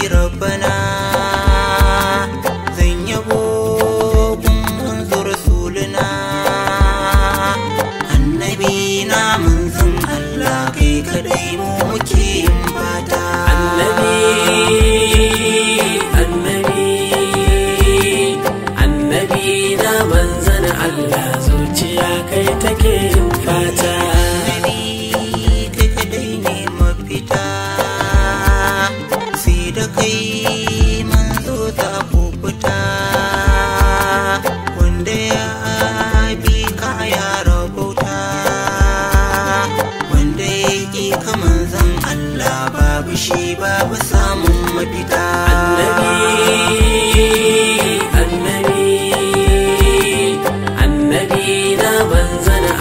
rabbana zan yabo kun rasuluna annabi na manzon Allah kai kadai mu muke yin fata annabi annabi annabi na manzon Allah zuciya kai take yin fata babu shi babu samun mafita annabi annabi annabi na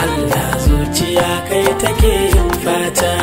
Allah zuciya kai take yin fata